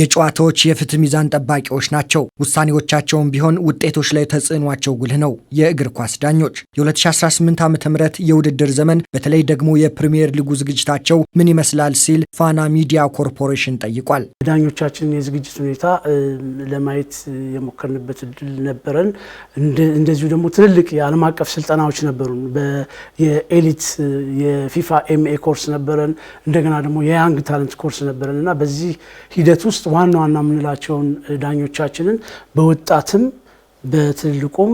የጨዋታዎች የፍትህ ሚዛን ጠባቂዎች ናቸው። ውሳኔዎቻቸውም ቢሆን ውጤቶች ላይ ተጽዕኗቸው ጉልህ ነው። የእግር ኳስ ዳኞች የ2018 ዓ ም የውድድር ዘመን በተለይ ደግሞ የፕሪምየር ሊጉ ዝግጅታቸው ምን ይመስላል ሲል ፋና ሚዲያ ኮርፖሬሽን ጠይቋል። ዳኞቻችን የዝግጅት ሁኔታ ለማየት የሞከርንበት እድል ነበረን። እንደዚሁ ደግሞ ትልልቅ የዓለም አቀፍ ስልጠናዎች ነበሩን። የኤሊት የፊፋ ኤምኤ ኮርስ ነበረን። እንደገና ደግሞ የያንግ ታለንት ኮርስ ነበረን እና በዚህ ሂደት ውስጥ ውስጥ ዋና ዋና የምንላቸውን ዳኞቻችንን በወጣትም በትልቁም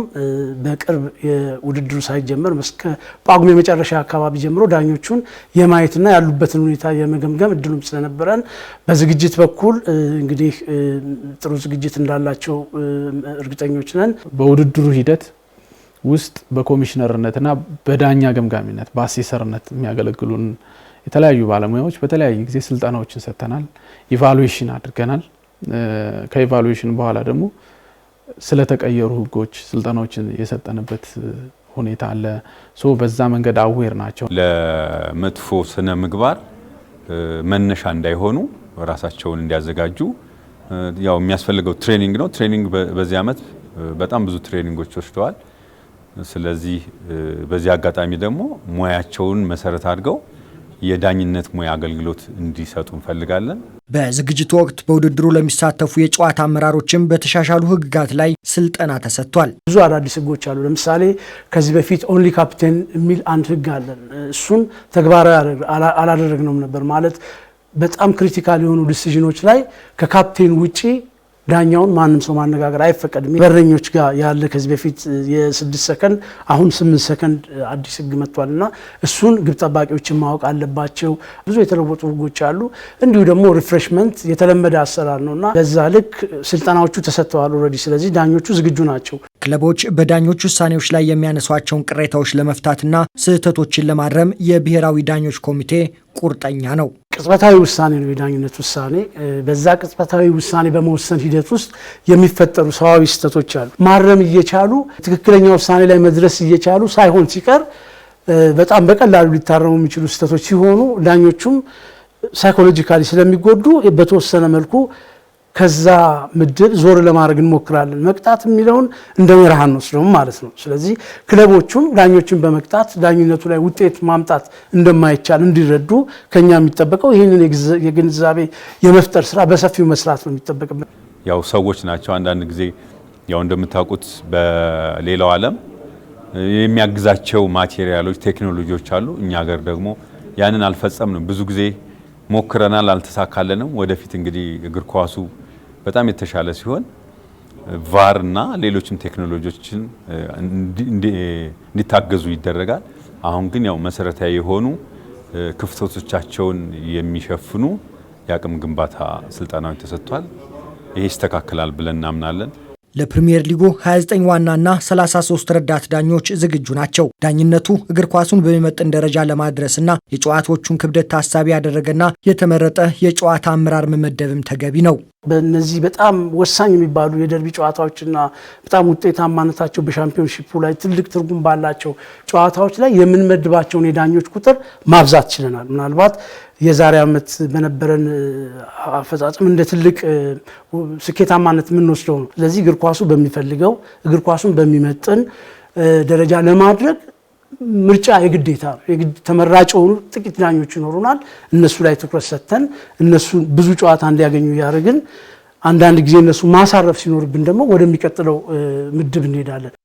በቅርብ የውድድሩ ሳይጀመር እስከ ጳጉሜ መጨረሻ አካባቢ ጀምሮ ዳኞቹን የማየትና ያሉበትን ሁኔታ የመገምገም እድሉም ስለነበረን በዝግጅት በኩል እንግዲህ ጥሩ ዝግጅት እንዳላቸው እርግጠኞች ነን። በውድድሩ ሂደት ውስጥ በኮሚሽነርነትና በዳኛ ገምጋሚነት በአሴሰርነት የሚያገለግሉን የተለያዩ ባለሙያዎች በተለያየ ጊዜ ስልጠናዎችን ሰጥተናል፣ ኢቫሉዌሽን አድርገናል። ከኢቫሉዌሽን በኋላ ደግሞ ስለተቀየሩ ህጎች ስልጠናዎችን የሰጠንበት ሁኔታ አለ። ሶ በዛ መንገድ አዌር ናቸው። ለመጥፎ ስነ ምግባር መነሻ እንዳይሆኑ ራሳቸውን እንዲያዘጋጁ ያው የሚያስፈልገው ትሬኒንግ ነው። ትሬኒንግ በዚህ ዓመት በጣም ብዙ ትሬኒንጎች ወስደዋል። ስለዚህ በዚህ አጋጣሚ ደግሞ ሙያቸውን መሰረት አድርገው የዳኝነት ሙያ አገልግሎት እንዲሰጡ እንፈልጋለን። በዝግጅቱ ወቅት በውድድሩ ለሚሳተፉ የጨዋታ አመራሮችም በተሻሻሉ ሕግጋት ላይ ስልጠና ተሰጥቷል። ብዙ አዳዲስ ሕጎች አሉ። ለምሳሌ ከዚህ በፊት ኦንሊ ካፕቴን የሚል አንድ ሕግ አለን። እሱን ተግባራዊ አላደረግነውም ነበር ማለት በጣም ክሪቲካል የሆኑ ዲሲዥኖች ላይ ከካፕቴን ውጪ ዳኛውን ማንም ሰው ማነጋገር አይፈቀድም። በረኞች ጋር ያለ ከዚህ በፊት የስድስት ሰከንድ አሁን ስምንት ሰከንድ አዲስ ህግ መጥቷል እና እሱን ግብ ጠባቂዎችን ማወቅ አለባቸው። ብዙ የተለወጡ ህጎች አሉ። እንዲሁ ደግሞ ሪፍሬሽመንት የተለመደ አሰራር ነው እና በዛ ልክ ስልጠናዎቹ ተሰጥተዋል ኦልሬዲ። ስለዚህ ዳኞቹ ዝግጁ ናቸው። ክለቦች በዳኞች ውሳኔዎች ላይ የሚያነሷቸውን ቅሬታዎች ለመፍታትና ስህተቶችን ለማረም የብሔራዊ ዳኞች ኮሚቴ ቁርጠኛ ነው። ቅጽበታዊ ውሳኔ ነው የዳኝነት ውሳኔ። በዛ ቅጽበታዊ ውሳኔ በመወሰን ሂደት ውስጥ የሚፈጠሩ ሰዋዊ ስህተቶች አሉ። ማረም እየቻሉ ትክክለኛ ውሳኔ ላይ መድረስ እየቻሉ ሳይሆን ሲቀር በጣም በቀላሉ ሊታረሙ የሚችሉ ስህተቶች ሲሆኑ ዳኞቹም ሳይኮሎጂካሊ ስለሚጎዱ በተወሰነ መልኩ ከዛ ምድብ ዞር ለማድረግ እንሞክራለን። መቅጣት የሚለውን እንደ መርህ አንወስደውም ማለት ነው። ስለዚህ ክለቦቹም ዳኞችን በመቅጣት ዳኝነቱ ላይ ውጤት ማምጣት እንደማይቻል እንዲረዱ ከኛ የሚጠበቀው ይህንን የግንዛቤ የመፍጠር ስራ በሰፊው መስራት ነው የሚጠበቅበት። ያው ሰዎች ናቸው። አንዳንድ ጊዜ ያው እንደምታውቁት በሌላው ዓለም የሚያግዛቸው ማቴሪያሎች፣ ቴክኖሎጂዎች አሉ። እኛ ሀገር ደግሞ ያንን አልፈጸምንም ብዙ ጊዜ ሞክረናል፣ አልተሳካለንም። ወደፊት እንግዲህ እግር ኳሱ በጣም የተሻለ ሲሆን ቫር እና ሌሎችም ቴክኖሎጂዎችን እንዲታገዙ ይደረጋል። አሁን ግን ያው መሰረታዊ የሆኑ ክፍተቶቻቸውን የሚሸፍኑ የአቅም ግንባታ ስልጠናዎች ተሰጥቷል። ይሄ ይስተካከላል ብለን እናምናለን። ለፕሪምየር ሊጉ 29 ዋናና 33 ረዳት ዳኞች ዝግጁ ናቸው። ዳኝነቱ እግር ኳሱን በሚመጥን ደረጃ ለማድረስና የጨዋታዎቹን ክብደት ታሳቢ ያደረገና የተመረጠ የጨዋታ አመራር መመደብም ተገቢ ነው። በእነዚህ በጣም ወሳኝ የሚባሉ የደርቢ ጨዋታዎችና በጣም ውጤታማነታቸው በሻምፒዮንሺፑ ላይ ትልቅ ትርጉም ባላቸው ጨዋታዎች ላይ የምንመድባቸውን የዳኞች ቁጥር ማብዛት ችለናል። ምናልባት የዛሬ ዓመት በነበረን አፈጻጸም እንደ ትልቅ ስኬታማነት የምንወስደው ነው። ስለዚህ እግር ኳሱ በሚፈልገው እግር ኳሱን በሚመጥን ደረጃ ለማድረግ ምርጫ የግዴታ ነው። ተመራጭ የሆኑ ጥቂት ዳኞች ይኖሩናል። እነሱ ላይ ትኩረት ሰጥተን እነሱ ብዙ ጨዋታ እንዲያገኙ እያደረግን አንዳንድ ጊዜ እነሱ ማሳረፍ ሲኖርብን ደግሞ ወደሚቀጥለው ምድብ እንሄዳለን።